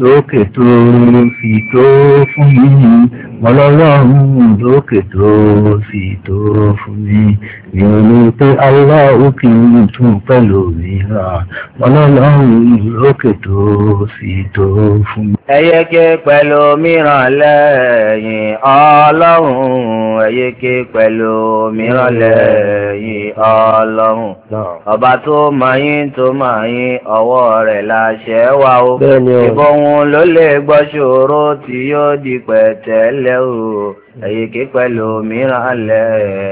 lókè tó fi tó fún mi ọlọ́lọ́run lókè tó fi tó fún mi mi ò ní pé aláwọ̀ kì í tún pẹ̀lú mi rà ọlọ́lọ́run lókè tó fi tó fún mi. ẹyẹkẹ pẹ̀lú mìíràn lẹ́yìn ọlọ́run ẹyẹkẹ pẹ̀lú mìíràn lẹ́yìn ọlọ́run ọba tó máa yín tó máa ọwọ́ rẹ̀ láṣẹ wà ó ìbọn òun ló lè gbọ́ ṣòro tí yóò di pẹ̀tẹ́lẹ̀ alẹ́ o èyíkí pẹ̀lú mìíràn alẹ́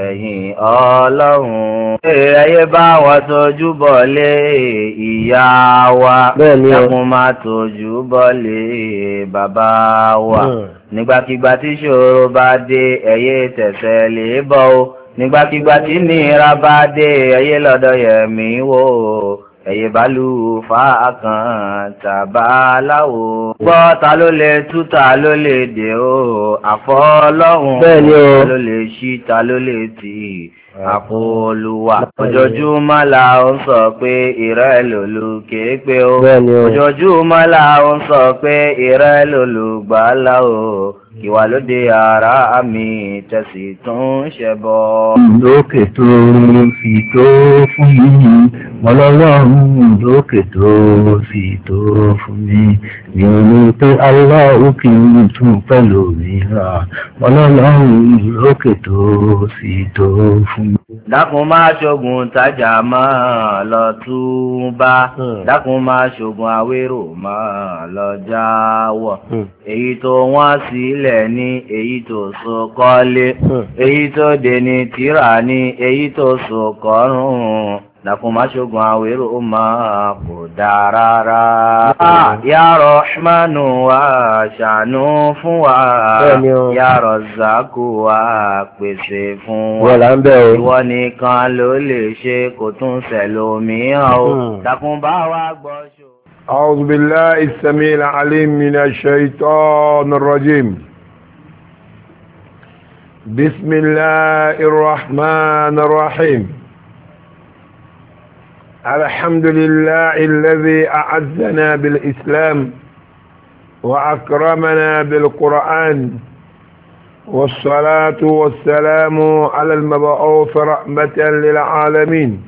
ẹ̀yìn ọlọ́run. ayé bá wa tójú bọ̀ lé ìyá wa ẹkún máa tójú bọ̀ lé bàbá wa hmm. nígbàkigbà tí ṣòro bá dé ẹ̀yẹ tẹ̀sẹ̀ lè bọ̀ o nígbàkigbà tí nira bá dé ẹ̀yẹ lọ́dọ̀ yẹ̀mí wò o ẹ̀yẹ̀bálù fa akàn tàbá láwo. gbọ́ ta ló lè tú ta ló lè dè o àfọ́ lọ́hùn. bẹ́ẹ̀ni o ta ló lè ṣí ta ló lè tì àpò olùwà. ojoojúmọ́ la ó sọ pé ìrẹ́ lòlù kéèpé o. bẹ́ẹ̀ni o ojoojúmọ́ la ó ń sọ pé ìrẹ́ lòlù gbàlá o ìwà ara àmì ìtẹ̀sí tó ń ṣẹbọ. lókè tó fi tó fún mi mọ́lọ́lọ́run lókè tó fi tó fún mi ìròyìn pé aláwọ̀ kì í tún pẹ̀lú òmìnira ọlọ́lọ́run lókè tó sì tó fún mi. dákun máa ṣoògùn tájà máa lọ túbá hmm. dákun máa ṣoògùn awérò máa lọ jáwọ́ hmm. èyí tó wọ́n sílẹ̀ ní èyí tó so kọ́lé hmm. èyí tó dé ní tírà ní èyí tó so kọ́rùn-ún lakuma ṣogun awero o ma kò dáa rárá. ya rahmanu wa ṣàánú fún wa ya razaku wa pèsè fún wa. ìwọ nìkan ló lè ṣe kò tún ṣẹlòmíràn o. lakunba hmm. wa gbọ́ ṣo. أعوذ بالله السميع العليم من الشيطان الرجيم بسم الله الرحمن الرحيم الحمد لله الذي أعزنا بالإسلام وأكرمنا بالقرآن والصلاة والسلام على المبعوث رحمة للعالمين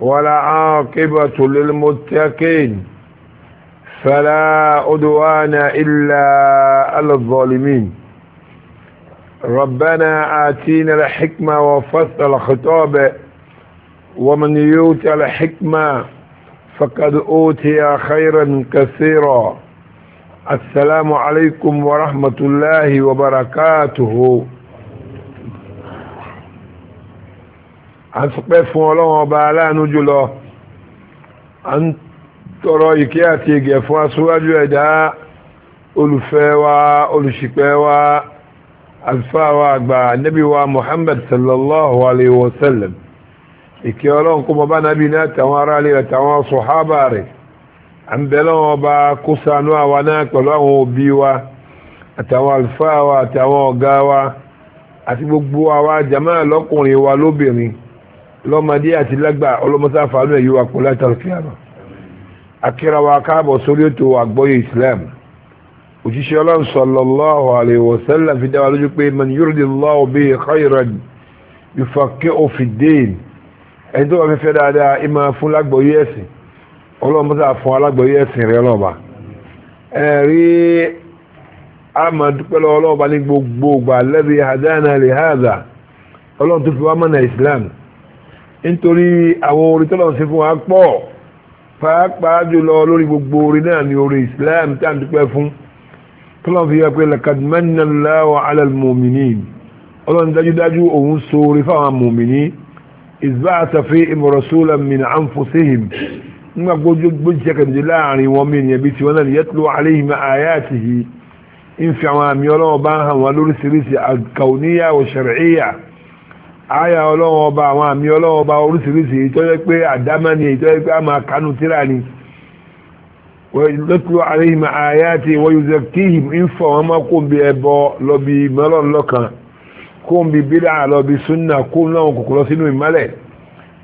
ولعاقبة للمتقين فلا أدوان إلا على الظالمين ربنا آتينا الحكمة وفصل خطابه ومن يوت الحكمة فقد أوتي خيرا كثيرا السلام عليكم ورحمة الله وبركاته a ń sọpẹ́ fún ọlọ́run ọba aláàánú jùlọ a ń tọrọ ìkẹ́ àti ìgẹ̀ fún aṣíwájú ẹ̀dá olùfẹ́ wa olùṣìpẹ̀ wa àlùfáà àgbà nẹ́bí wa sallallahu alayhi wa ìkẹ́ ọlọ́run kó mọ bá nábì náà tàwọn ará ilé rẹ̀ tàwọn sọ̀hábà rẹ̀ à ń bẹ lọ́wọ́ ọba kó ṣàánú àwa náà pẹ̀lú àwọn òbí wa àtàwọn àlùfáà wa àtàwọn ọ̀gá wa àti gbogbo àwa jàmáà lọ́kùnrin wa lóbìnrin lọ́mọdé àti lágbà ọlọ́mọsáfàánú ẹ̀yí wa kó látàlùkìyàmà akíra wa káàbọ̀ sórí ètò àgbọ́yé Islam òjíṣẹ́ ọlọ́run sallallahu ẹni tó bá fi fẹ́ dáadáa ẹ máa fún lágbọ̀ọ́yé ẹ̀sìn ọlọ́run mọ́tà fún alágbọ̀ọ́yé ẹ̀sìn rẹ ọlọ́ọ̀ba ẹ̀rí amadupẹ́lẹ́ ọlọ́ọ̀ba ní gbogbo ìgbà lẹ́bi hadana lè hàdà ọlọ́run tó fi wá mọ́nà Islam nítorí àwọn orin tó lọ́n sí fún wa pọ̀ pàápàá jùlọ lórí gbogbo orin náà ní orin Islam tá à ń dúpẹ́ fún tó fi yẹ pé lakadimanna lawa alalmominin ọlọ́run dájúdájú òun so fáwọn mòmìnir ìzbáàtà fihim rasulan min anfusihim nígbà gbójú jẹ́kẹ̀dì láàrin wọn mi na bí tí wọ́n náà yatlu alayhim ayatihi ń fi àwọn àmì ọlọ́wọ́ bá ń hàn wọn lóríṣiríṣi al-kawniyya wa shar'iyya àyà ọlọ́wọ́ bá àwọn àmì ọlọ́wọ́ bá oríṣiríṣi a máa kánú tíra ni yatlu alayhim ayatihi wa kó ń bi bídà lọ bí súnà kó ń láwọn kòkòrò sínú ìmálẹ̀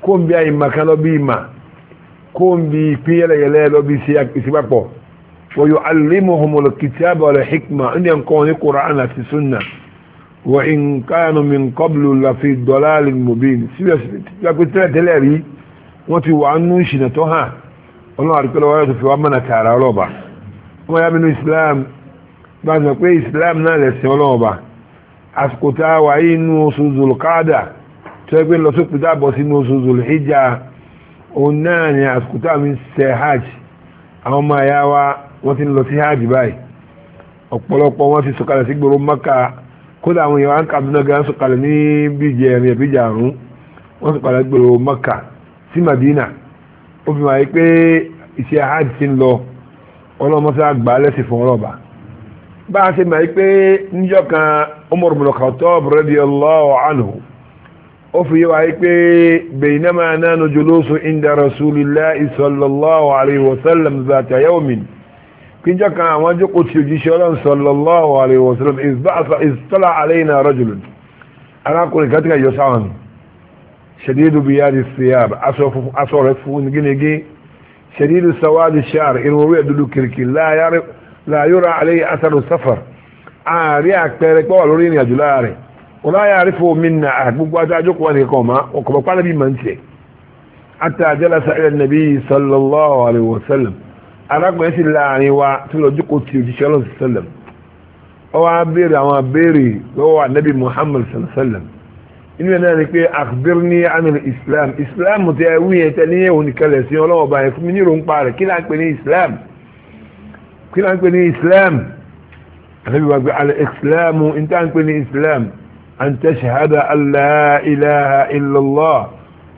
kó ń bi àyìnmàkan lọ bí ìmà kó ń bi ìpín yẹlẹyẹlẹ lọ bí ìsìpapọ̀ wa yu'allimuhumul kitaba wal hikma ní ẹ̀kọ́ ní Qur'an àti súnà wa in kanu min qablu la fi dalalin mubin síbẹ̀síbẹ̀ tẹ́lẹ̀ rí wọ́n ti wà nú ìṣìnà tó asukuta wa a wà yìí inú oṣù zulukada tó ẹgbẹ́ lọ bo pìtà bọ̀ sínú òun náà ni mi hajj àwọn ọmọ àyà wa wọ́n ti lọ sí hajj báyìí ọ̀pọ̀lọpọ̀ wọ́n ti sọ̀kalẹ̀ sí gbòòrò maka kódà àwọn èèyàn Kaduna gan sọ̀kalẹ̀ ní bíjẹ ẹ̀rìn ẹ̀bíjà àrùn gbòòrò maka sí Madina ó fi hàn pé iṣẹ́ hajj ti ń lọ ọlọ́mọṣẹ́ lẹ́sìn fún bá a ṣe máa pé níjọ́ kan Umar bin Khattab radiyallahu anhu ó fi yíwa pé baynama nahnu julusu inda rasulillahi sallallahu alayhi wa sallam zata yawmin kíjọ́ kan àwọn jókòó tí òjíṣẹ́ ọlọ́run sallallahu alayhi wa sallam istala alayna rajulun arákùnrin kan tí ka yọ sáwọn shadidu biyadi siyab aṣọ rẹ̀ fún gínigín shadidu sawadi sha'r irun orí ẹ̀dúdú kìrìkì láyárí لا يرى عليه أثر السفر عاري أكبر كوا يا جلاري ولا يعرف منا أحد بقوا أجوك وأن يقوم وكما قال بي منسي حتى جلس إلى النبي صلى الله عليه وسلم أراك يسي الله عني وتلو جوكو تيو صلى الله عليه أو عبيري أو أبيري هو النبي محمد صلى الله عليه وسلم إنه ẹ̀dá ni pé àkbírní àmìlì islam islam tí a wúyẹ̀ tẹ́lẹ̀ yẹ̀ òní kalẹ̀ sí ọlọ́wọ́ báyìí kí náà ń pè ní islam ànábì wa gbé alẹ́ islam ń tá ń pè ní islam an tashhada an la ilaha illallah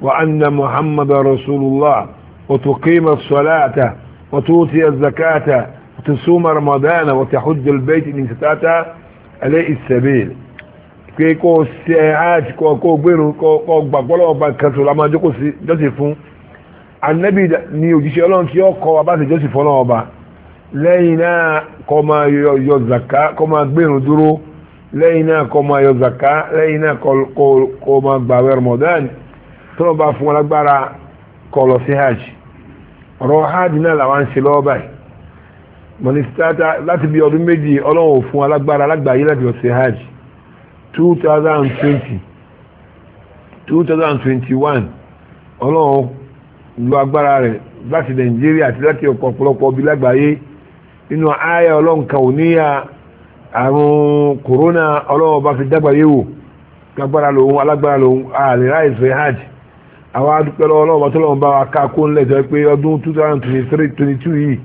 wa anna muhammadu rasulullah wa tuqima salata wa tuti zakata wa tusuma ramadan wa tahujja albayt in istata alayhi sabil pé kó ṣe hajj kó kó gbèrú kó gbàgbọ́ lọ́wọ́ bá kẹsù lámà jókòó sí jọ́sìn fún anabi ni òjíṣẹ́ ọlọ́run tí ó wa bá ṣe jọ́sìn fún ọlọ́run ọba lẹ́yìn náà kó máa yọ zaka kó máa gbẹ̀rún dúró lẹ́yìn náà kó máa yọ zaka lẹ́yìn náà kó máa gbàwẹ̀ Ramadan tó bá fún wọn lágbára lọ sí hajj ọ̀rọ̀ hajj náà làwọn ń ṣe lọ́wọ́ báyìí láti bí ọdún méjì fún wọn inu àyà ọlọ́nkà òníyà àrùn a ọlọ́wọ́ bá fi dágbà yíwò gbàgbára lòun alágbára lòun àlèrà ìfẹ́ hajj àwọn adúpẹ́ lọ́wọ́ ọlọ́wọ́ tó lọ́wọ́ bá wa ká kó ńlẹ̀ tó pé ọdún 2023-22 yìí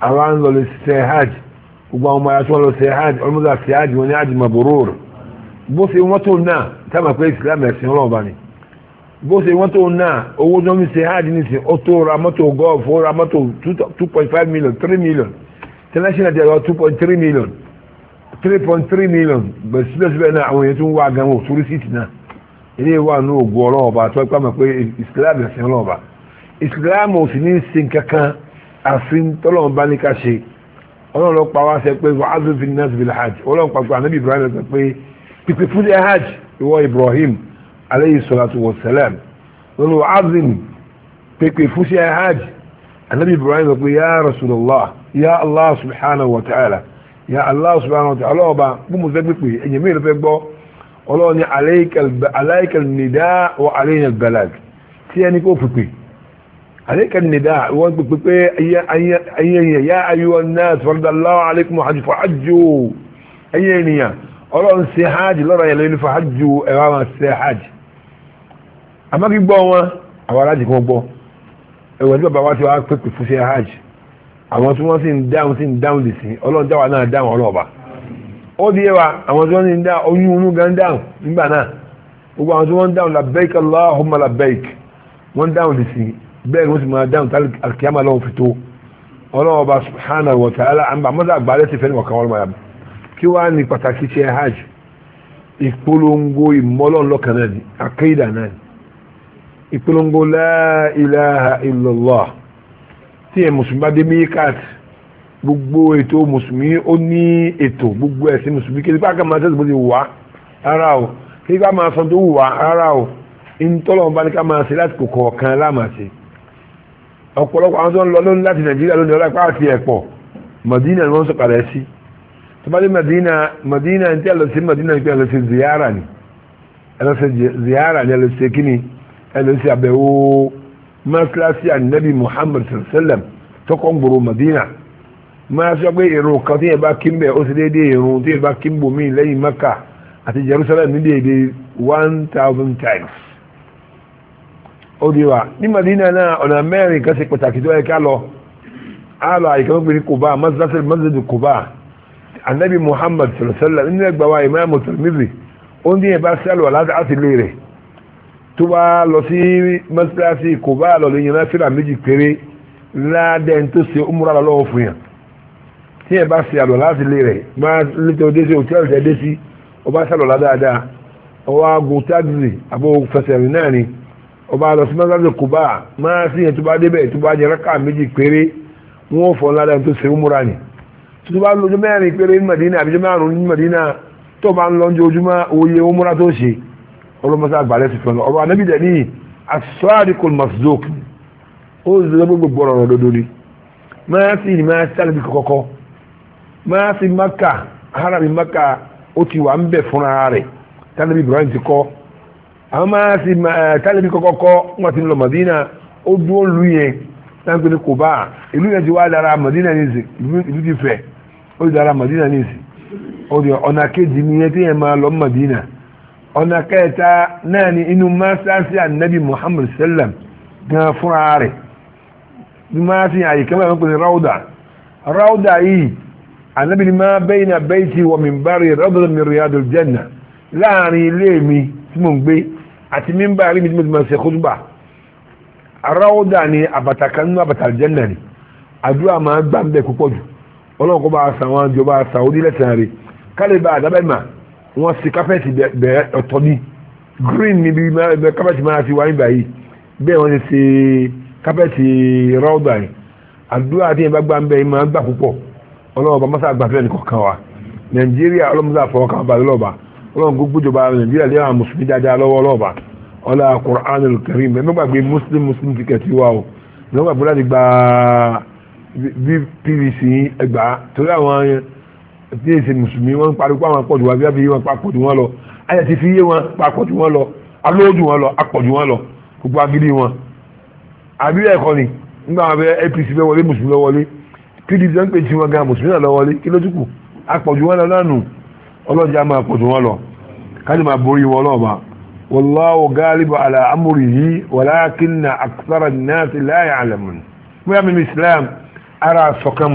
àwọn hajj gbogbo àwọn ọmọ ayá hajj ọlọ́mọdé àti hajj wọn hajj bó tó islam ni bó ra mọ́tò gọ́ọ̀fù international debt wa two point three million three point three million bẹ̀rẹ̀ síbẹ̀síbẹ̀ náà àwọn èèyàn tún wá gan wò sórí síìtì náà ilé wa ní ògùn ọlọ́run ọba tó ẹgbẹ́ mọ̀ pé islam ẹ̀sìn ọlọ́run ọba islam ò sì ní í sin kankan àfin tọ́lọ́run bá ní ká ṣe ọlọ́run ló pa wá sẹ pé wà á tún fi náà síbi hajj ọlọ́run pa pé anabi ibrahim sọ pé pípé fún ẹ hajj ìwọ ibrahim aleyhi salatu wa salam lọ́nà wà á zin pípé fún ẹ hajj anabi ibrahim sọ pé yá rasulallah ya allah subhanahu wa ta'ala ya allah subhanahu wa ta'ala ọba bí mo fẹ́ gbé pé ẹ̀yìn mi fẹ́ gbọ́ ọlọ́run ní alaikal nida wa alayin albalag tí ẹni kó fi pé alaikal nida wọ́n pè pé ayẹyẹ ya ayuwa náà sọ́dọ̀láwà alaikum hajj fa hajjo ẹyẹ ènìyàn ọlọ́run ṣe hajj lọ́rọ̀ yẹn lórí fa hajjo ẹwà máa ṣe hajj àmọ́ gbọ́ wọn àwọn alájì kan gbọ́ ẹ̀wọ̀n tí bàbá wa ti wá pèpè fún ṣe hajj àwọn tí wọ́n sì ń dáhùn sí ń dáhùn lè sí ọlọ́run dáwà náà dáhùn ọlọ́ọ̀bà ó di ẹwà àwọn tí wọ́n sì ń dá oyún inú gan dáhùn nígbà náà gbogbo àwọn tí wọ́n ń dáhùn labẹ́ik Allahumma labẹ́ik wọ́n dáhùn lè sí bẹ́ẹ̀ wọ́n sì máa dáhùn tálí àkíyàmà lọ́wọ́ fi tó ọlọ́ọ̀bà wa ta'ala mọ́tà tí ẹ̀ mùsùlùmí bá dé mikat gbogbo ètò mùsùlùmí ó ní ètò gbogbo ẹ̀sìn mùsùlùmí kí nípa kan máa tẹ̀sí bó ti wà rárá o kí nípa máa sọ tó wà rárá o ìtọ́lọ̀ bá ní ká máa ṣe láti kòkò ọ̀kan lámàṣe ọ̀pọ̀lọpọ̀ àwọn tó ń lọ lónìí láti nàìjíríà lónìí ọlọ́pàá àti ẹ̀pọ̀ Madina ni wọ́n sọ̀kalẹ̀ sí tó bá dé Madina Madina ní tí a lọ sí Madina ní pé a ni a ziara ni a lọ sí kíni a lọ mọ́sálásí ànábì muhammad sallam tọkọ ń gbòòrò madina máa sọ pé ìrun kan tí yẹn bá kí ń bẹ̀ ó sì déédéé ìrun tí yẹn bá kí maka àti jerusalem ní déédéé one thousand times. ó di wa ní madina náà ọ̀nà mẹ́rin kan ṣe pàtàkì tó yẹ ká lọ á lọ àyíká tó gbé ní kuba masjid kuba anabi muhammad sallallahu alaihi wa sallam nínú ẹgbàá wa imaamu tirmidhi ó ní yẹn bá sálọ láti àtìlérè tó bá lọ sí mọ́síláṣí kò bá lọ lè yẹn náfìlà méjì péré ládẹ́ tó ṣe umra lọ́wọ́ fún yàn tí ẹ bá ṣe àlọ́ láti lè rẹ̀ máa lẹ́tọ̀ dé sí òtí ọ̀rẹ́ dé sí ọba ṣàlọ́lá dáadáa ọwọ́ agun tágìrì àbò fẹsẹ̀ rìn náà ni ọba lọ sí mọ́síláṣí kò bá máa sí yẹn tó bá débẹ̀ tó bá jẹ rákà méjì péré wọ́n fọ́ ládẹ́ tó ṣe umra ni tó bá lọ́jọ́ mẹ́rin péré ní Madina àbíjọ́ márùn-ún ní Madina tó bá ń lọ́jọ́ ojúmọ́ òye ọlọ́mọsá àgbàlẹ̀ ti fún ọ ọ̀rọ̀ anábì dẹ̀ níyì asọ́àdìkò masdok ó ń zọ gbogbo ọ̀rọ̀ ọ̀rọ̀ dodo ni máa sì ní máa sí alábi kọ́kọ́ máa sì maka harabi maka ó ti wà ń bẹ̀ fúnra rẹ̀ tálẹ́bí ibrahim ti kọ́ àwọn máa sì tálẹ́bí kọ́kọ́ kọ́ wọn ti lọ madina ó dúró lu yẹn táǹkì ní kòbá ìlú yẹn ti wá dára madina ní ìsìn ìlú ti fẹ̀ ó ti dára madina ní ìsìn ọ̀nà kejì ni yẹn ti yẹn máa lọ madina ọ̀nà kẹta náà ni inú mọ́sáàsì ànábì muhammad sallam gan fúnra rẹ̀ ní mọ́sáàsì àyíká mẹ́rin pẹ̀lú ráúdà ráúdà yìí ànábì ni máa bayna bayti wa minbari ráúdà min riyadul janna láàrin ilé mi tí mo ń gbé àti mímbàrí mi tí mo ti máa ṣe kútùbà ráúdà ni àbàtà kan nínú àbàtà janna ni àdúrà máa gbà ń bẹ̀ púpọ̀ jù ọlọ́run kó bá a sàwọn àjọba saudi lẹ́sàn rẹ̀ kálí bá wọ́n si kápẹ́ẹ̀tì bẹ̀rẹ̀ ọ̀tọ̀ ni green níbi kápẹ́ẹ̀tì máa ti wáyé báyìí bẹ́ẹ̀ wọ́n ti ṣe kápẹ́ẹ̀tì rọ́ọ̀bà yìí àdúrà tí yẹn bá gbà ń bẹ́ yìí máa ń gbà púpọ̀ ọlọ́run ọba mọ́sá àgbàfẹ́ nìkan kan wa nàìjíríà ọlọ́mọdé àfọwọ́kàn ọba lọ́ba ọlọ́run gbogbo ìjọba nàìjíríà lè hàn mùsùlùmí dáadáa lọ́wọ́ lọ́ba ọlá Qur'anul Karim ẹ mẹ́gbàgbé muslim muslim ticket wa o ẹ mẹ́gbàgbé láti gba pvc ẹgbàá torí àwọn yẹn tí èsì mùsùlùmí wọn ń pariwo àwọn akọ̀jù wa bí wọ́n fi yé wọn lọ ayé ti fi yé wọn pàkọ̀jù wọn lọ alóòjù wọn lọ akọ̀jù wọn lọ gbogbo agídí wọn. àbí ẹ̀kọ́ ni nígbà wọn bẹ APC fẹ́ wọlé mùsùlùmí lọ wọlé PDP ń pè tí wọn gan mùsùlùmí lọ wọlé kí ló dúkù wọn lọ lánàá ọlọ́jà máa wọn lọ máa borí wọn ala islam ara sọ̀kan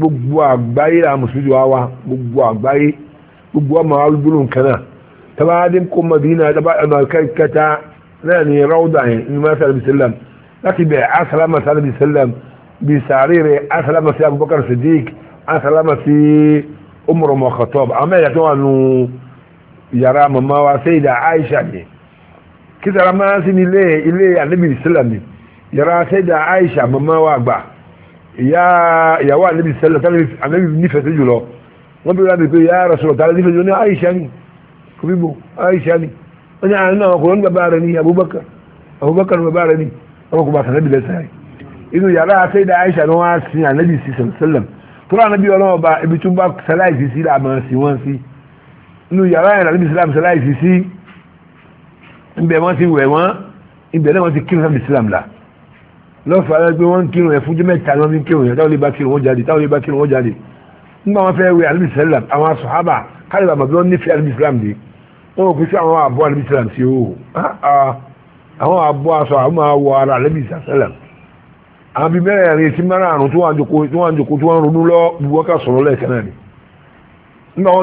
gbogbo àgbáyé la mùsùlùmí wa wa gbogbo àgbáyé gbogbo ọmọ alúgbòrò nǹkan náà tabadé kó Madina taba ọ̀nà kẹta náà ní rọ́ọ̀dà yẹn ní mọ́ sálàmì sálàm láti bẹ̀ asàlámà sálàmì sálàm bí sàárè rẹ̀ asàlámà sí Abubakar Siddiq asàlámà sí Umar mọ̀kàtọ́b àwọn ẹ̀yà tó wà nù yàrá màmá wa Sayyida Aisha ni kí sàlámà sí ilé ilé ànábì sálàmì yàrá Sayyida Aisha màmá wa gbà ìyá ìyàwó ànábì sẹ́lẹ̀ ànábì nífẹ̀ẹ́ sí jùlọ wọ́n bí rábì pé ìyá Rasulullah tààrà nífẹ̀ẹ́ jùlọ ní Aisha ni kò bíbo Aisha ni wọ́n ní ah, àárín náà ọkùnrin bàbá rẹ̀ ni Abubakar Abubakar bàbá rẹ̀ ni ọkùnrin bàbá ànábì lẹ́sẹ̀ inú yàrá sẹ́dá Aisha ni wọ́n á sin ànábì sí sẹ́lẹ̀m tóra ànábì ọlọ́wọ́ bá ibi tún bá sẹ́láìsì sí làmọ́ sí wọ́n sí inú yàrá yẹn ànábì sẹ́láìsì sẹ́láìsì sí ibẹ̀ wọ́n ti wẹ̀ wọ́n ibẹ̀ náà wọ́n ti kí lọ́fà alágbé wọ́n ń kírun ẹ̀fúnjẹ́ mẹ́ta ni wọ́n fi ń kírun yẹn táwọn lè bá kírun wọ́n jáde táwọn lè bá kírun wọ́n jáde nígbà wọn fẹ́ wẹ alibisalam àwọn asọ̀hábà kálíbà màbí wọ́n nífẹ̀ẹ́ alibisalam di wọ́n kò sí àwọn àbọ̀ alibisalam sí o àwọn àbọ̀ aṣọ àwọn máa wọ ara alibisalam àwọn bíi mẹ́rẹ̀ rẹ̀ sí márààrún tí wọ́n àjòkó tí wọ́n ronú lọ buwọ́ ká sọ̀rọ̀ lẹ́ẹ̀kan náà ni nígbà ah,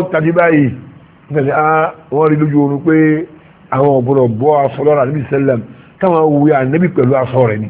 wọn tàbí táwọn wù ànẹ́bí pẹ̀lú aṣọ rẹ̀ ni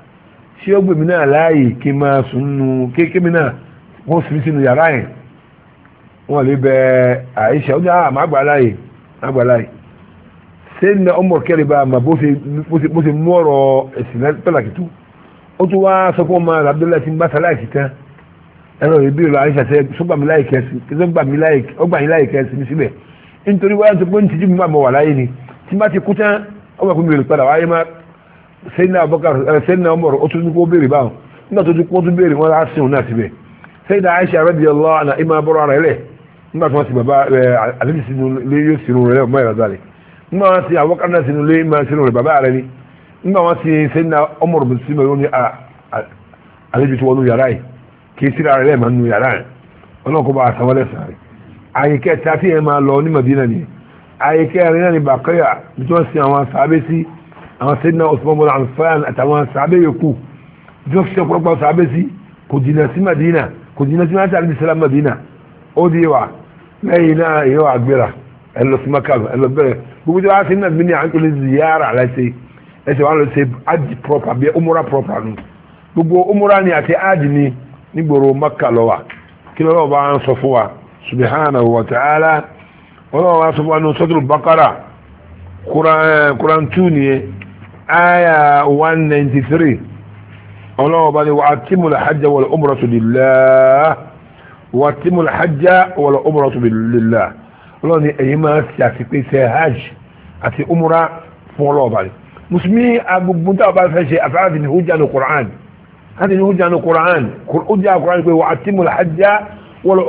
tí ó gbèmí náà láàyè kí máa sùn nù kéékèèmí náà wọ́n fi sínú yàrá yẹn wọ́n lè bẹ àìṣà ó ní àmà ah, àgbà láàyè àgbà láàyè ṣé ní ọmọ kẹrì bá àmà bó ṣe mú ọ̀rọ̀ ẹ̀sìn pàtàkì tó ó tún wá sọ fún ọmọ Abdullahi ti ń bá sáláìsì tán ẹnu rẹ̀ bí ìlú àìṣà ṣe sọ́gbà mi láì kẹ́sì ọgbà mi láì kẹ́sì mi síbẹ̀ nítorí wáyà tó pé ní tìjú mi máa mọ̀ wà láyé ni tí bá ti kú tán ọgbà kú mi lè padà wáyé máa sẹ́yìn náà abọ́kà sẹ́yìn náà ọmọrọ̀ ó tún kó béèrè báwọn nígbà tó tún kó tún béèrè wọn á sìn òun náà síbẹ̀ sẹ́yìn náà Aisha radiyallahu anha ìmọ̀ abọ́rọ̀ ara rẹ̀ nígbà tí wọ́n ti bàbá eh, àlejò sínú lé yóò sínú rẹ̀ ọmọ ìrà zálẹ̀ nígbà wọn ti abọ́kà náà sínú lé ìmọ̀ sínú rẹ̀ bàbá rẹ̀ ni nígbà wọn ti sẹ́yìn náà ọmọrọ̀ bó ti sínú àlejò tí wọ́n nu yàrá yìí kì í síra rẹ̀ máa nu yàrá àwọn sẹ́dínà Usman bọ́lá àǹfààní àtàwọn sàbẹ̀ yòókù jọ́kítọ̀ pọ̀lọpọ̀ sàbẹ̀ sí kò jìnnà sí Madina kò jìnnà sí Madina àti sàlámù Madina ó di wa lẹ́yìn náà èèyàn wà gbéra ẹ lọ sí Maka ẹ lọ bẹ̀rẹ̀ gbogbo tí wàá sẹ́dínà mi ní à ń pèlè ziyara aláṣẹ ẹsẹ̀ wàá lọ sí ají proper bí umura proper nù gbogbo umura ni àti ají ni nígboro Maka lọ wa kí lọ́wọ́ bá ń sọ aya 193 ọlọ́wọ́ bá ní wà á tí mo lè hajjá wọlé umratu lillah wà á tí mo lè hajjá wọlé umratu lillah ọlọ́wọ́ ní èyí máa ti àfipé ṣe hajj àti umra fún ọlọ́wọ́ bá ní musulmi agbègbè tá a bá fẹ́ ṣe àfáàdì ní hujjá ní quran hajj ní hujjá ní quran hujjá quran pé wà á tí mo lè hajjá wọlé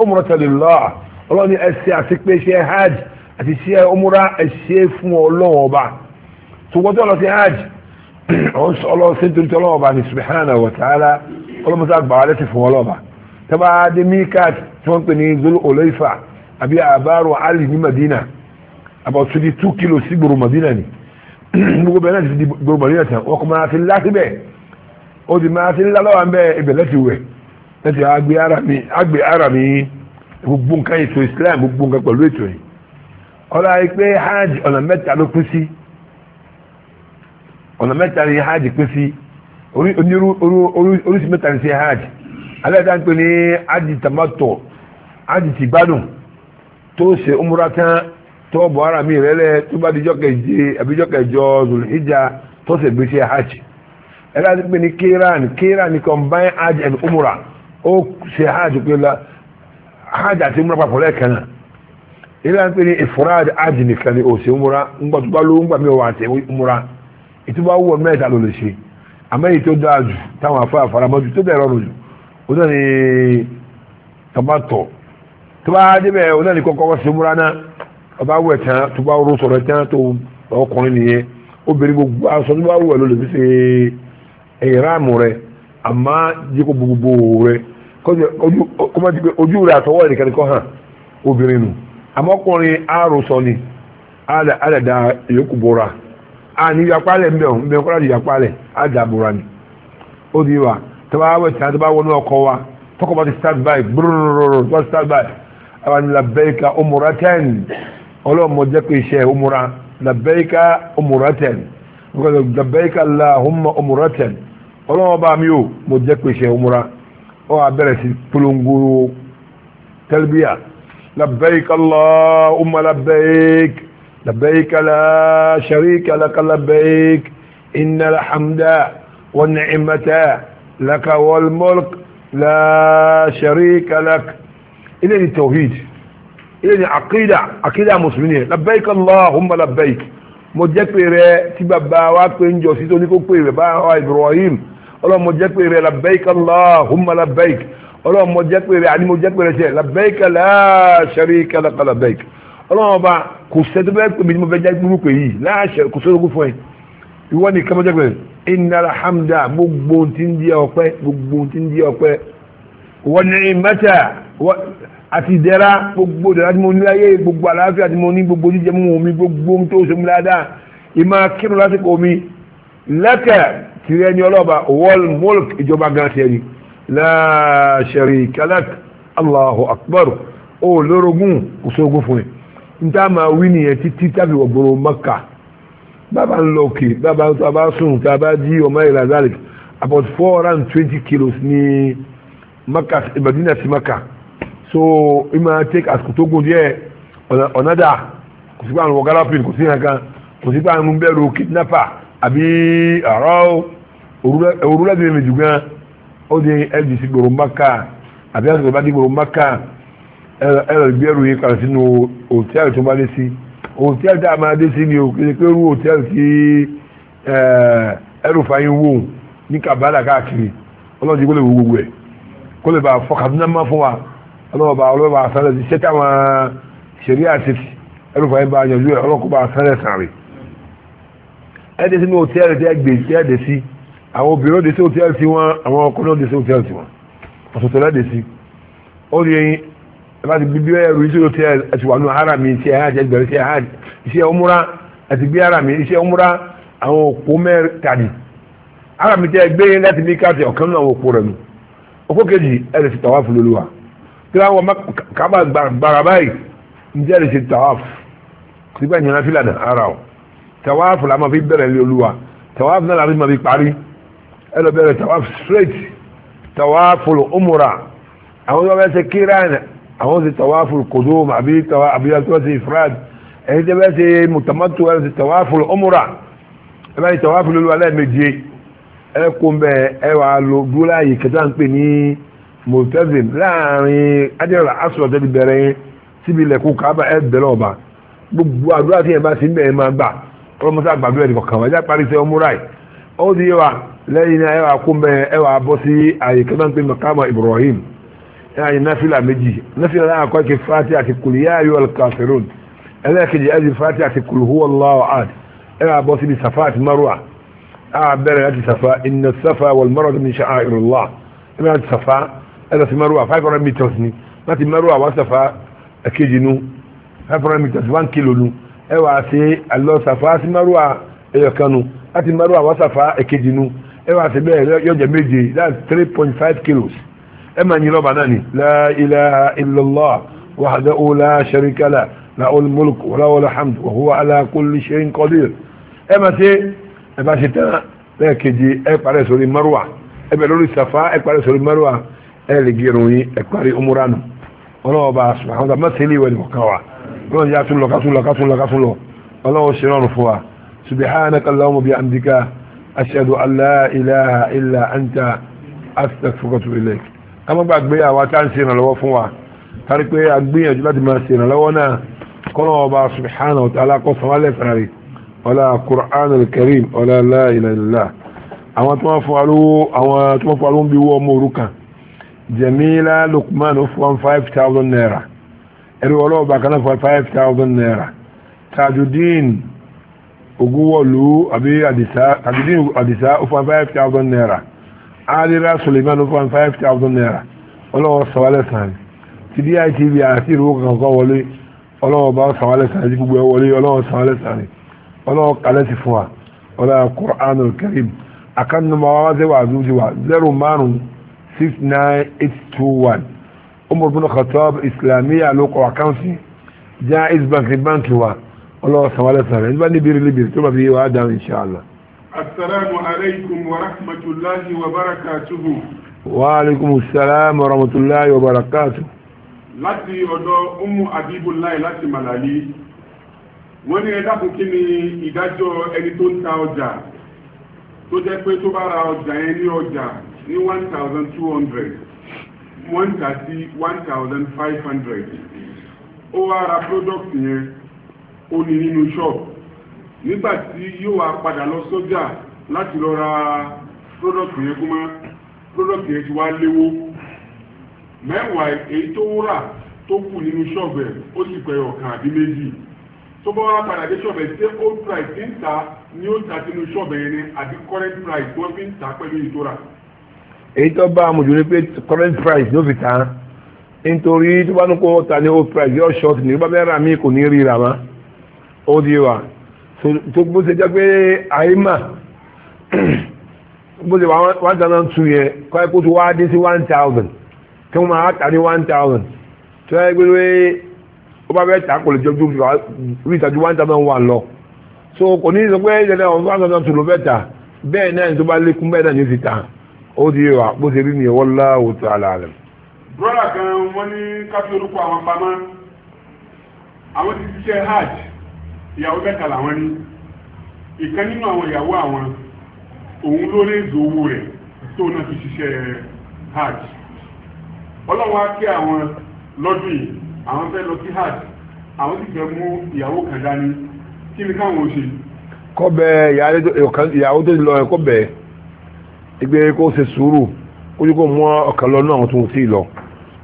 ọlọ́wọ́ ní ẹ ṣe àfipé ṣe hajj àti ṣe umra ẹ ṣe fún ọlọ́wọ́ bá ní sùgbọ́n tó lọ sí hajj ọ̀hún sọlọ sẹ́ńtúrì tó lọ́wọ́ bá ní subhana wa ta'ala ọlọ́mọta gbàwá lẹ́sìn fún ọlọ́ba tẹ́bà dé mikat tí wọ́n pè ní zulu olóyìnfà àbí àbárò ali ní madina about twenty two kilos sí gbòòrò madina ni gbogbo bẹ́ẹ̀ náà ti di gbòòrò madina tán ọkọ̀ máa ti lá síbẹ̀ ó ti máa ti ń lá lọ́wọ́ ibẹ̀ lẹ́sìn wẹ̀ lẹ́sìn àgbẹ̀ ara mi gbogbo nǹkan ètò islam gbogbo nǹkan pẹ̀lú ètò yìí ọlọ́run pé hajj ọ̀nà mẹ́ta ló kú sí ọ̀nà mẹ́ta ni hajj pín sí oríṣi mẹ́ta ni sí hajj aláìdá ń pè ní hajj hajj ti gbádùn tó ṣe umra tán tó ara mi rẹ́lẹ̀ tó bá dijọ́ kẹje àbíjọ́ kẹjọ zulhijja tó ṣe gbé hajj aláìdá ń pè ní kéran kéran combine hajj and umura ó ṣe hajj pé la hajj àti umura papọ̀ lẹ́ẹ̀kan náà ilé ní hajj ni ń gbàtúgbà ló ń gbà mí ètò bá wúwo mẹ́ta ló lè ṣe àmọ́ tó dáa jù táwọn afọ àfaramọ́jú tó bẹ̀rẹ̀ ọ̀rọ̀ jù ó náà ní tabatọ̀ tó bá débẹ̀ ó náà ní kọ́kọ́ ṣe múra náà ọba wẹ̀ tán tó bá rú sọ̀rọ̀ tán tó ọkùnrin nìyẹn obìnrin gbogbo aṣọ tó bá ló lè fi ṣe àmọ́ gbogbo ojú àtọwọ́ hàn obìnrin nù àmọ́kùnrin àròsọ ni àdàdà yòókù àní ah, yapalẹ̀ ń bẹ̀ ọ́n bẹ̀ kọ́lá di yapalẹ̀ àdàbòrà ni ó di wa tọ́ba awọ tí a tọ́ba wọnú ọkọ wa tọkọ bá ti start by brrrr tó bá ti start by àwọn ni labẹ́ríkà ọmọra ten ọlọ́mọ jẹ́ pé iṣẹ́ ọmọra labẹ́ríkà ọmọra ten labẹ́ríkà lahumma ọmọra ten ọlọ́mọ bá mi ò mo jẹ́ pé iṣẹ́ ọmọra ọ abẹ́rẹ́ sí polongo talbiya labẹ́ríkà lahumma labẹ́ríkà. لبيك لا شريك لك لبيك إن الحمد والنعمة لك والملك لا شريك لك إلى التوحيد إلى عقيدة عقيدة مسلمين لبيك اللهم لبيك mo jẹ́ pé rẹ tí bàbá wa pé ń jọ sí tó ní kó pé rẹ bá wa Ibrahim ọlọ́run mo jẹ́ pé rẹ labaik Allahumma labaik ọlọ́run mo sharika labaik ọlọ́run ọba kò sẹ́ni tó bẹ́ẹ̀ pè mí ní mo fẹ́ jẹ́ gbúrú pè yìí láàṣẹ kò sórógún fún ẹ ìwọ ni kẹ́mọ́ jẹ́ pé iná alhamda gbogbo ti ń di ọpẹ́ gbogbo ti ń di ọpẹ́ wọ́n ní mẹ́ta àti ìdẹ́ra gbogbo ìdẹ́ra tí mo ní láyé gbogbo àlàáfíà tí mo ní gbogbo jíjẹ mú omi gbogbo tó ṣe mú dáadáa ìmọ̀ kírun lásìkò omi lẹ́kẹ̀ tìrẹ ni ọlọ́ba wọ́l mọ́lk ìjọba gan tiẹ̀ ni la sharika lak Allahu ó lórogún kò sóògùn fún yìí níta máa wí nìyẹn títí tàbí wọ̀gbọ̀rọ̀ mọ́kà bàbá ń lọ òkè bàbá tó a bá sùn tá a bá ọmọ ìlà zalik about four and twenty kilos ni mọ́kà ìbàdínà sí mọ́kà so I'ma máa take àsìkò tó gùn díẹ̀ ọ̀nàdà kò sí pé àwọn ọ̀gárápìn kò sí yàn kan kò sí pé àwọn bẹ̀rù kidnapper àbí àárọ̀ òrùlẹ́dẹ̀ẹ́mẹ̀jù gan ó di ẹ̀jì sí gbòòrò mọ́kà àbí àsìkò bá dé gbòòrò mọ́kà ẹlẹ́gbẹ̀rún yìí kan sínú hòtẹ́ẹ̀lì tó bá dé sí hòtẹ́ẹ̀lì tá a máa dé sí ni o kí ni pé irú hòtẹ́ẹ̀lì tí ẹrùfà yín wò ní kàbálà káàkiri ọlọ́run ti gbọ́dọ̀ wo gbogbo ẹ̀ kó lè bá fọ kàdúnà má fún wa ọlọ́run bá ọlọ́run bá sálẹ̀ ti ṣẹ́ta wọn ṣẹ̀rí àti ẹrùfà yín bá yanjú ẹ̀ ọlọ́run kó bá sálẹ̀ sàrè ẹ̀ dé sínú hòtẹ́ẹ̀lì tí ẹ gbé tí ẹ dé sí àwọn obìnrin ó dé sí hòtẹ́ẹ̀lì tí wọn àwọn ọkùnrin ó dé sí hòtẹ́ẹ̀lì tí wọn ọ̀sọ̀tọ̀ láti bí bí ẹrù iṣẹ́ tí ẹ ti wà ní ara mi iṣẹ́ hajj ẹgbẹ̀rún iṣẹ́ hajj iṣẹ́ ọmúra àti bí ara mi iṣẹ́ ọmúra àwọn òpó mẹ́tàdì ara mi tẹ́ gbé láti ní káàtì ọ̀kan náà àwọn òpó rẹ̀ nù òpó kejì ẹ lè ṣe tàwáfù lóluwà tí wọ́n kábà gbàrà báyìí njẹ́ lè ṣe tàwáfù sígbà ìyànná fílànà ara tawafu tàwáfù làwọn fi bẹ̀rẹ̀ lóluwà tàwáfù náà làwọn fi parí ẹ lọ bẹ̀rẹ̀ tàwáfù straight tawafu ọmúra àwọn yóò fẹ́ ṣe kíra àwọn ti tawaful kudum àbí tawa àbí àtiwọ́n ti ifrad ẹni tẹ́ bẹ́ẹ̀ ṣe mutamattu ẹni ti tawaful umra ẹ bá ti tawaful olúwa lẹ́ẹ̀mejì ẹ kó ń bẹ ẹ wà á lo dúró láàyè kẹta ń pè ní multazim láàrin adéwàlá asọ̀rọ̀ tẹ́bi bẹ̀rẹ̀ yẹn síbi ilẹ̀kùn kábà ẹ bẹ̀rẹ̀ ọ̀bà gbogbo àdúrà tí yẹn bá ṣe ń máa gbà ọlọ́mọsá gbàdúrà ẹ̀ ó يعني نافلة مجي نافلة لا أقولك فاتحة كل يا أيها الكافرون ألا كجي أجي فاتحة كل هو الله عاد ألا بوسي بصفات مروة أعبر أجي صفاء إن الصفا والمروة من شعائر الله أما أجي صفاء ألا في مروة فايف رمي توسني ما في مروة وصفاء أكيجي نو فايف رمي توسوان كيلو نو أوا سي الله صفاء في مروة أيها كانوا أتي مروة وصفاء أكيجي نو أوا سي بيه يوجد ميجي that's 3.5 كيلوز اما ني لوبا ناني لا اله الا الله وحده لا شريك له له الملك وله الحمد وهو على كل شيء قدير اما تي ابا شتا لكجي اي باري سوري مروه ابي لوري صفا اي باري سوري مروه اي لجيروني اي باري عمران ọlọ́ọ̀bá subhanahu wa mẹ́sílẹ̀ ìwẹ̀ nìkan wa ọlọ́run yá tún lọ ká tún lọ ká tún lọ ká tún lọ ọlọ́run ṣe rọrùn fún kama gbàgbé àwa tá à ń ṣe ìrànlọ́wọ́ fún wa kárí pé a gbìyànjú láti máa ṣe ìrànlọ́wọ́ náà kọ́nà ọba subhanahu wa ta'ala kọ́ sanwó-alẹ́ sàárè ọ̀la qur'an al-karim ọ̀la la ilaha illallah àwọn tó wọ́n fún wa àwọn tó wọ́n fún wa ń bí wọ́ ọmọ òrukàn Jamila Lukman ó fún wa five thousand naira ẹ̀rí ọlọ́ọ̀bà kan náà fún five thousand naira Tajudeen ogunwọ̀lú àbí Àdìsá Tajudeen Àdìsá ó fún wa five thousand naira adira suleiman ló fún five thousand naira ọlọ́wọ́ sọ̀wálẹ̀ sàn ti DITV àti ìrúwó kankan wọlé ọlọ́wọ́ bá sọ̀wálẹ̀ sàn ti gbogbo ẹ̀ wọlé ọlọ́wọ́ sọ̀wálẹ̀ sàn ọlọ́wọ́ kalẹ̀ ti fún wa ọlọ́wọ́ Qur'anul Karim akannuma wa ṣe wà lójú wa zero márùn six nine eight two one Umar bin Khattab islamiyya ló kọ́ àkáǹtì Jaiz bank ní báńkì wa ọlọ́wọ́ sọ̀wálẹ̀ sàn ẹ̀ níbi níbi tó bá السلام عليكم ورحمة الله وبركاته وعليكم السلام ورحمة الله وبركاته láti ọ̀dọ̀ umu abibulai láti malali wọ́n ní ẹ dákun kí ni ìdájọ́ ẹni tó ń ta ọjà tó jẹ́ pé tó bá ra ọjà yẹn ní ọjà ní one thousand two hundred wọ́n ń sí one thousand five hundred ó wá ra product yẹn ó ní nínú ṣọ́ọ̀bù nígbà tí yóò wá padà lọ sọ́jà láti lọ ra product yẹn kó máa product yẹn ti wá léwó mẹ́wàá èyí tó wúrà tó kù nínú ṣọ́ọ̀bù ẹ̀ ó sì pẹ̀yọ̀ kan àbí méjì tó bá wá padà dé ṣọ́ọ̀bù ṣé old price ti ń ta ni ó ta sínú ṣọ́ọ̀bù yẹn ni àbí current price wọ́n fi ń ta pẹ̀lú ìtura. èyí tó bá a ni pé current price ló fi ta nítorí tó bá ní kó ta ní old price yóò ṣọ́ọ̀tì ni bá bẹ́ẹ̀ rà mí kò ní rí ra ó di wa tó bó ṣe jẹ́ pé àìmà bó ṣe one thousand two yẹn kọ́ ẹ kó tó wá dé sí one thousand tí wọ́n máa tà ní one thousand tó yẹ pé ó bá fẹ́ tà kò lè jọ ju rí ìtàjú one thousand one lọ so kò ní sọ pé ìṣẹ̀lẹ̀ ọ̀hún one thousand two ló fẹ́ tà bẹ́ẹ̀ náà ní tó bá lékún bẹ́ẹ̀ náà ní ti tà ó di wà bó ṣe rí nìyẹn wallahu ta'ala alam. brọ́dà kan wọ́n ní káfí orúkọ àwọn pamọ́ àwọn ti ṣiṣẹ́ hajj ìyàwó mẹ́ta làwọn ní ìkan nínú àwọn ìyàwó àwọn òun ló rézò owó rẹ̀ tó náà fi ṣiṣẹ́ hajj ọlọ́wọ́ á kí àwọn lọ́dún yìí àwọn fẹ́ lọ sí hajj àwọn sì fẹ́ mú ìyàwó ni káwọn ṣe. kọ́ bẹ ìyàwó tó lọ ẹ̀ kọ́ bẹ ẹgbẹ́ kó ṣe sùúrù kó yẹ kó mú lọ náà tó ń sí lọ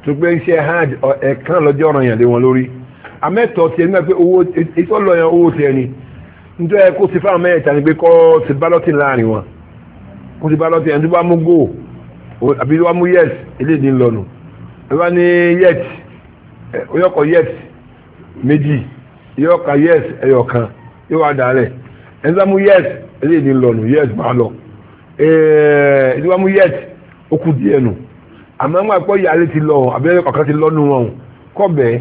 tó gbé iṣẹ́ amẹ́tọ̀ tiẹ̀ nígbà pé owó ètò lọ owó tiẹ̀ ni nítorí ẹ kó ti fáwọn mẹ́ta ni pé kọ́ ti bálọ́tì láàrin wọn kó ti bálọ́tì ẹni tó bá mú go àbí tó mú yes eléyìí ń lọnu ẹ bá ní yes oyọkọ yes méjì yọọka yes ẹyọkan yóò wá dàálẹ̀ ẹni tó bá mú yes eléyìí ń lọnu yes máa lọ ẹni tó bá mú yes ó kù díẹ̀ nù àmọ́ wọn àpọ̀ yàrá ti lọ àbẹ́rẹ́ kọ̀ọ̀kan ti lọ́nu wọn kọ́ bẹ́ẹ̀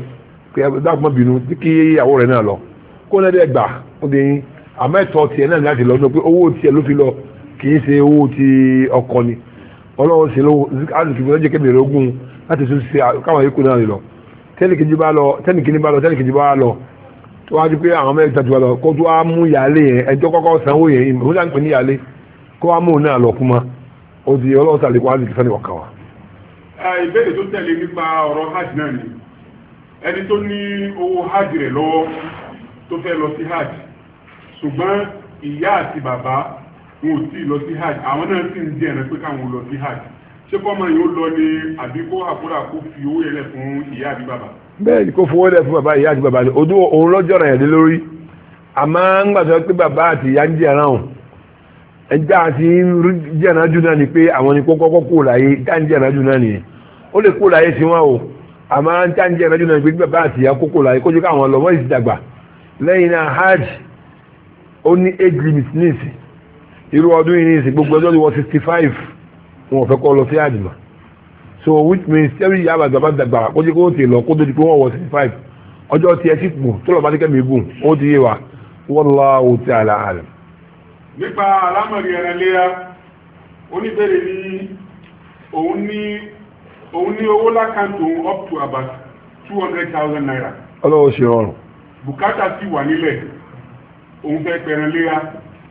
pé dákùnmọ́ bínú tí kí ìyàwó rẹ̀ náà lọ kó lẹ́dẹ̀ gbà ó dé yín àmọ́ ẹ̀tọ́ tiẹ̀ náà láti lọ sọ pé owó tiẹ̀ ló fi lọ kì í ṣe owó ti ọkọ ni ọlọ́run ṣe lówó azùkú fún ẹjẹ́ kébèrè ogún láti tún ṣe káwọn yòókù náà lọ tẹ́nìkìní bá lọ tẹ́nìkìní bá lọ tẹ́nìkìní bá lọ tó wá di pé àwọn mẹ́ta ti wá lọ kó tó wá mú ìyáálé yẹn ẹjọ́ kọ́kọ́ sanwó yẹn ìmọ̀ nígbà pé ní ìyáálé kó wá mú òun náà lọ kúmọ́ ó di ọlọ́run ṣàlékún azùkú fẹ́ni ọ̀kà wa. ìbéèrè tó tẹ̀lé ẹni tó ní owó hajj rẹ̀ lọwọ tó lọ sí hajj ṣùgbọ́n ìyá àti bàbá wọn ò tí ì lọ sí hajj àwọn náà sì ń jẹ́ pé káwọn lọ sí hajj ṣé kọ́ máa yóò lọ ní àkúrà kó fi owó yẹlẹ̀ fún ìyá àti bàbá. bẹ́ẹ̀ni kó fowó lẹ fún bàbá ìyá àti bàbá ojú òun lọ́jọ́ rẹ̀ yẹn lórí àmọ́ ń gbàgbọ́ pé bàbá àti ìyá ń àti jù náà ni pé àwọn ni kókó kó kó láyé ń àmọ́ ń tá ń jẹ́ ìrẹ́jú náà gbígbà bá àti àkókò láyé kójú káwọn lọ wọ́n ìsì dàgbà lẹ́yìn náà hajj ó ní age limit ní ìsìn irú ọdún yìí ní ìsìn gbogbo ọjọ́ ti wọ sixty five wọn ò fẹ́ kọ́ lọ sí hajj so which means every year àbàdàn bá dàgbà kójú kó ti lọ kó tó di pé wọ́n wọ sixty five ọjọ́ tiẹ̀ sì kù tó lọ bá ní kẹ́mi gùn ó ti yé wa wallahu ta'ala alam. nípa alámọ̀rí ẹ̀rẹ̀ léyà oníbẹ̀rẹ̀ òun ní owó lákàntó up to about two hundred thousand naira. ọlọ́wọ́ ṣe rọrùn. bùkátà sì wà nílẹ̀ òun fẹ́ pẹ̀rẹ̀ léra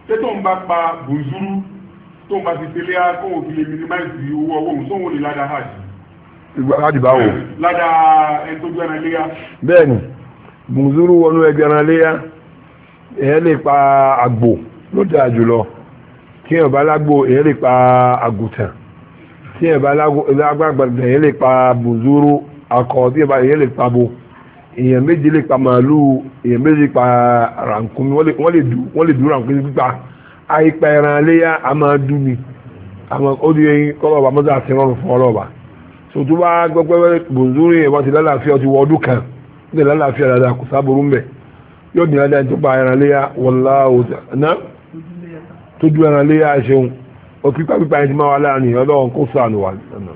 tẹ́tọ̀ ń bá pa bùnzúrú tó bá ti tẹ́lẹ̀ fi lè minimize owó ọwọ́ òun ládàá hajj. láti bá wò. ládàá ẹni tó gbẹ́ran bẹ́ẹ̀ni bùnzúrú wọnú ya léra èèyàn lè pa àgbò ló dáa jùlọ kí èèyàn bá lágbo èèyàn lè pa tí ẹ̀ bá lágbàgbàgbà yẹn lè pa bùzúrú akọ tí ẹ̀ bá yẹn lè pa bò èèyàn méjì lè pa màálùú èèyàn méjì pa rànkúmi wọ́n lè dú wọ́n lè dú rànkúmi pípa àìpa ẹran léyà a máa dú mi àmọ́ ó di eyín kọ́lọ́ọ̀bà mọ́tò àti rọrùn fún ọlọ́ọ̀bà tó bá gbọ́gbẹ́ bùzúrú yẹn wọ́n ti lálàáfíà ti wọ ọdún kan ó lálàáfíà dáadáa kò sábòrú mbẹ̀ yóò dín ládàá tó pa ẹran léyà wọ́n lá tó òpípa pípa ẹni máa wà láàrin ọlọ́run kó sànù wà lọ́nà.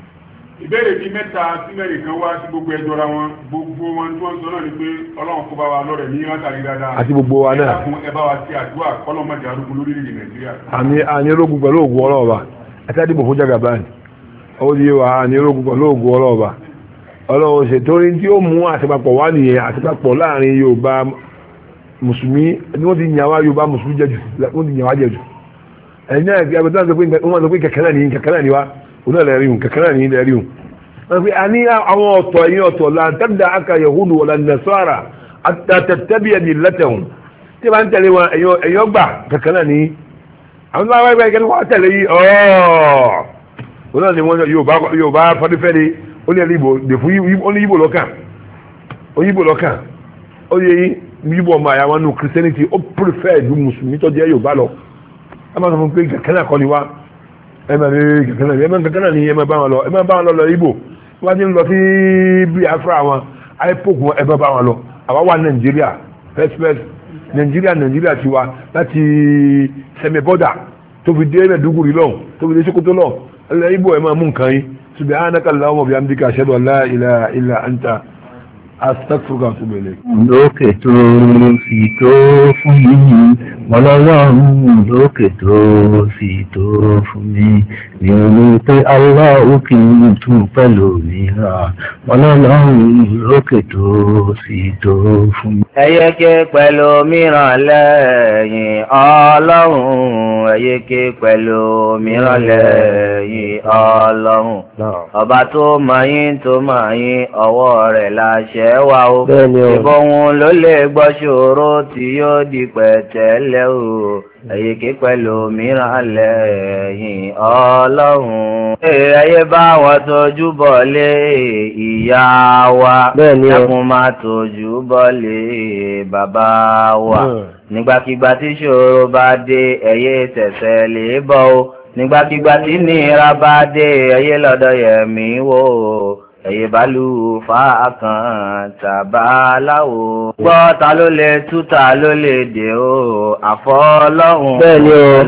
ìbéèrè bíi mẹ́ta sí mẹ́rin kan wá sí gbogbo ẹjọ́ ra wọn gbogbo wọn tí wọ́n sọ náà ni pé ọlọ́run kó bá wa lọ́rẹ̀ ní látàrí dáadáa. àti gbogbo wa náà. ẹ̀ka kun ẹ bá wa ti àdúrà kọ́lọ́ mọ̀jà arúgbó lórílẹ̀ nàìjíríà. àmì àní ológun pẹ̀lú ògùn ọlọ́ọ̀ba ẹ̀ka dìbò fún jagabani ó di wa àní ológun pẹ̀lú ògùn ọlọ́ọ̀ba ọlọ́run ṣe torí tí ó mú àṣepapọ̀ wá nìyẹn àṣepapọ̀ láàrin ẹ̀yin náà bí abẹ́tẹ́ sọ pé wọ́n sọ pé kẹ̀kẹ́ ní kẹ̀kẹ́ náà ní wa òun náà lẹ́rìí kẹ̀kẹ́ náà ní lẹ́rìí wọ́n fi àní àwọn ọ̀tọ̀ ẹ̀yin ọ̀tọ̀ làǹtàbídà aka yahudu wọ̀lá nasara àtàtàbíyà ní lẹ́tẹ̀hùn tí wọ́n tẹ̀lé wọn ẹ̀yin ọgbà kẹ̀kẹ́ náà ní àwọn tó wáyé báyìí kẹ́kẹ́ wọ́n tẹ̀lé yìí ọ̀ọ́ òun náà ni wọ́n yóò bá fọ́dífẹ́ni ó ẹ máa sọ fún pé kẹkẹ́nà kọ́ ni wá ẹ ní kẹkẹ́nà ni ẹ máa ni ẹ bá wọn lọ ẹ bá wọn lọ lọ ibo wọ́n ti ń lọ sí Biafra wọn IPOB wọn ẹ bá wọn lọ àwa wà Nàìjíríà first Nàìjíríà Nàìjíríà ti wa láti sẹmẹ bọ́dà tó dé Maiduguri lọ́hùn tó fi dé Sokoto lọ́hùn ẹ ibo ẹ mú nǹkan yín subhanaka allahumma bihamdika ashhadu an la ilaha illa anta astaghfiruka wa atubu lókè tó fi tó fún yìnyín mọ́lọ́lọ́run lókè tó sì tó fún mi ní orí pé aláwọ̀ kì í tún pẹ̀lú òmíràn mọ́lọ́lọ́run lókè tó sì tó fún mi. ẹ̀yẹ́kẹ́ pẹ̀lú mìíràn lẹ́yìn ọlọ́run ẹ̀yẹ́kẹ́ pẹ̀lú mìíràn lẹ́yìn ọlọ́run ọba tó mọ̀ tó mọ̀ ọwọ́ rẹ̀ láṣẹ wà ó ìbọn òun ló lè gbọ́ ṣòro tí yóò di pẹ̀tẹ́lẹ̀ alẹ́ o èyíkí pẹ̀lú mìíràn alẹ́ yìí ọlọ́run. ee ayé bá wọn tójú bọ̀ lé ìyá wa ẹkùn máa tójú bọ̀ lé bàbá wa hmm. nígbàkigbà tí ṣòro bá dé ẹ̀yẹ tẹ̀sẹ̀ lè bọ̀ o nígbàkigbà tí nira bá dé ẹ̀yẹ lọ́dọ̀ yẹ̀mí wò o ìbálù fa kan tàbá láwo. gbọ́ ta ló lè tú ta ló lè dè o àfọ́ ọlọ́run ta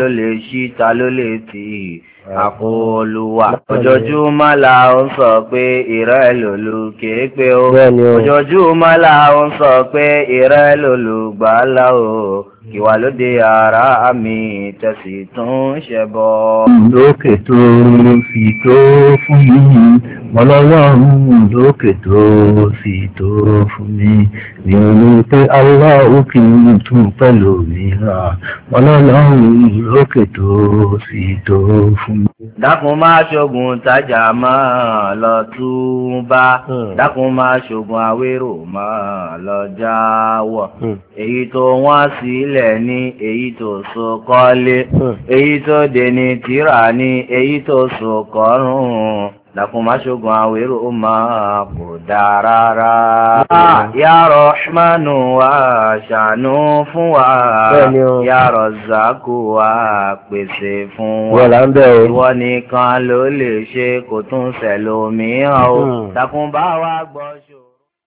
ló lè ṣí ta ló lè tì àkóòlùwà. ojoojúmọ́ la ó ń sọ pé ìrẹ́ lòlù kéèpé o. ojoojúmọ́ la ó ń sọ pé ìrẹ́ lòlù gbàlá o kí wà lóde ara mi tẹ̀sí tún ṣẹbọ. lókè tó fi tó fún mi mọ́lọ́wọ́rùn lókè tó fi tó fún mi mi ò ní pé aláwo kì í tún pẹ̀lú mi rà mọ́lọ́wọ́rùn lókè tó fi tó fún mi. dákun máa ṣoògùn tájà máa lọ tún bá hmm. dákun máa ṣoògùn àwérò máa lọ jáwọ́ hmm. èyí tó wọ́n sílẹ̀ sílẹ̀ ní èyí tó so kọ́lé hmm. èyí tó dé ní tírà ní èyí tó so kọ́rùn-ún awero o kò dáa rárá. Hmm. ya rọ̀ṣmánù wa ṣàánú fún wa ya rọ̀zákù wa pèsè fún wa ìwọ nìkan ló lè ṣe kò tún ṣẹlòmíràn o takunbá hmm. wa gbọ́